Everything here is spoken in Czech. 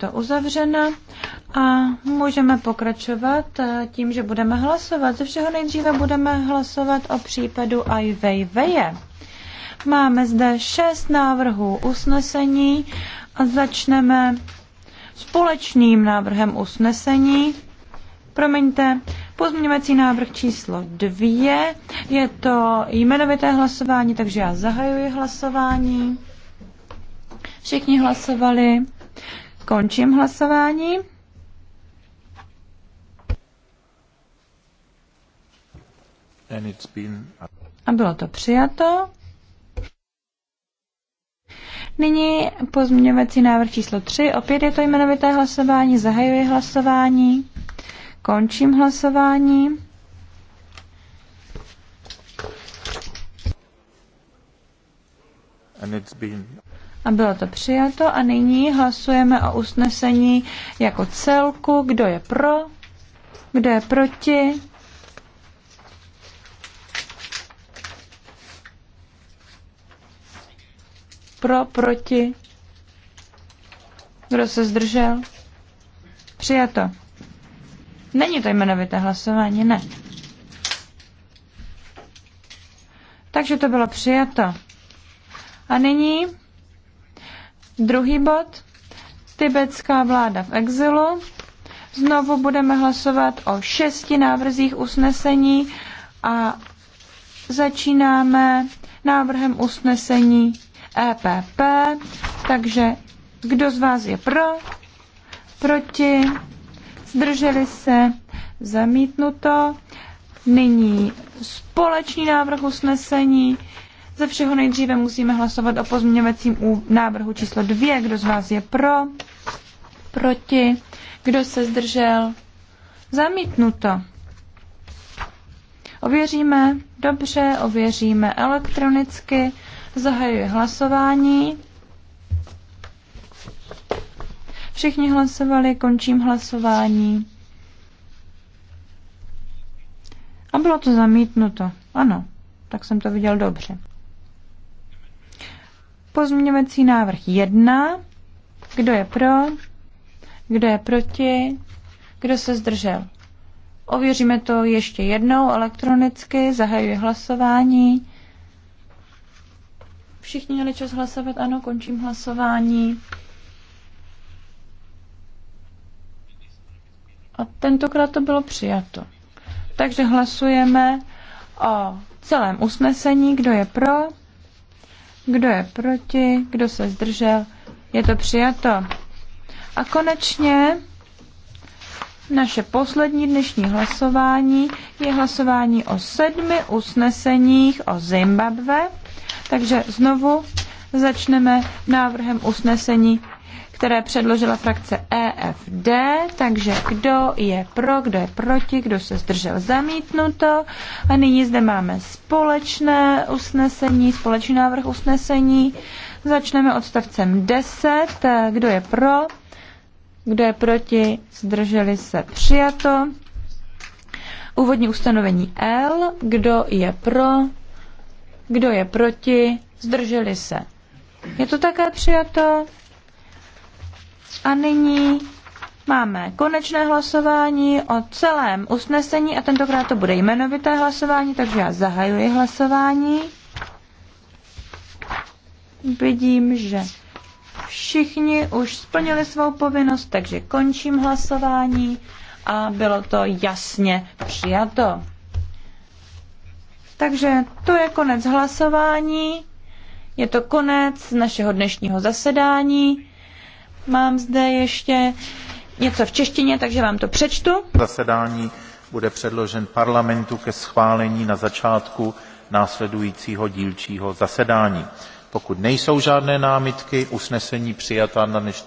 to uzavřena a můžeme pokračovat eh, tím, že budeme hlasovat. Ze všeho nejdříve budeme hlasovat o případu Ai Weiwei. Máme zde šest návrhů usnesení a začneme společným návrhem usnesení. Promiňte, pozměňovací návrh číslo dvě. Je to jmenovité hlasování, takže já zahajuji hlasování. Všichni hlasovali. Končím hlasování. A bylo to přijato. Nyní pozměňovací návrh číslo 3. Opět je to jmenovité hlasování. Zahajuji hlasování. Končím hlasování. And it's been a bylo to přijato. A nyní hlasujeme o usnesení jako celku. Kdo je pro? Kdo je proti? Pro, proti? Kdo se zdržel? Přijato. Není to jmenovité hlasování, ne. Takže to bylo přijato. A nyní Druhý bod, tibetská vláda v exilu. Znovu budeme hlasovat o šesti návrzích usnesení a začínáme návrhem usnesení EPP. Takže kdo z vás je pro? Proti? Zdrželi se? Zamítnuto. Nyní společný návrh usnesení ze všeho nejdříve musíme hlasovat o pozměňovacím návrhu číslo 2. Kdo z vás je pro? Proti? Kdo se zdržel? Zamítnuto. Ověříme, dobře, ověříme elektronicky. Zahajuji hlasování. Všichni hlasovali, končím hlasování. A bylo to zamítnuto. Ano, tak jsem to viděl dobře. Pozměňovací návrh 1. Kdo je pro? Kdo je proti? Kdo se zdržel? Ověříme to ještě jednou elektronicky, zahajuji hlasování. Všichni měli čas hlasovat, ano, končím hlasování. A tentokrát to bylo přijato. Takže hlasujeme o celém usnesení, kdo je pro, kdo je proti? Kdo se zdržel? Je to přijato. A konečně naše poslední dnešní hlasování je hlasování o sedmi usneseních o Zimbabve. Takže znovu začneme návrhem usnesení které předložila frakce EFD, takže kdo je pro, kdo je proti, kdo se zdržel zamítnuto. A nyní zde máme společné usnesení, společný návrh usnesení. Začneme odstavcem 10. Kdo je pro, kdo je proti, zdrželi se přijato. Úvodní ustanovení L. Kdo je pro, kdo je proti, zdrželi se. Je to také přijato. A nyní máme konečné hlasování o celém usnesení a tentokrát to bude jmenovité hlasování, takže já zahajuji hlasování. Vidím, že všichni už splnili svou povinnost, takže končím hlasování a bylo to jasně přijato. Takže to je konec hlasování. Je to konec našeho dnešního zasedání. Mám zde ještě něco v češtině, takže vám to přečtu. Zasedání bude předložen parlamentu ke schválení na začátku následujícího dílčího zasedání. Pokud nejsou žádné námitky, usnesení přijatá na dnešní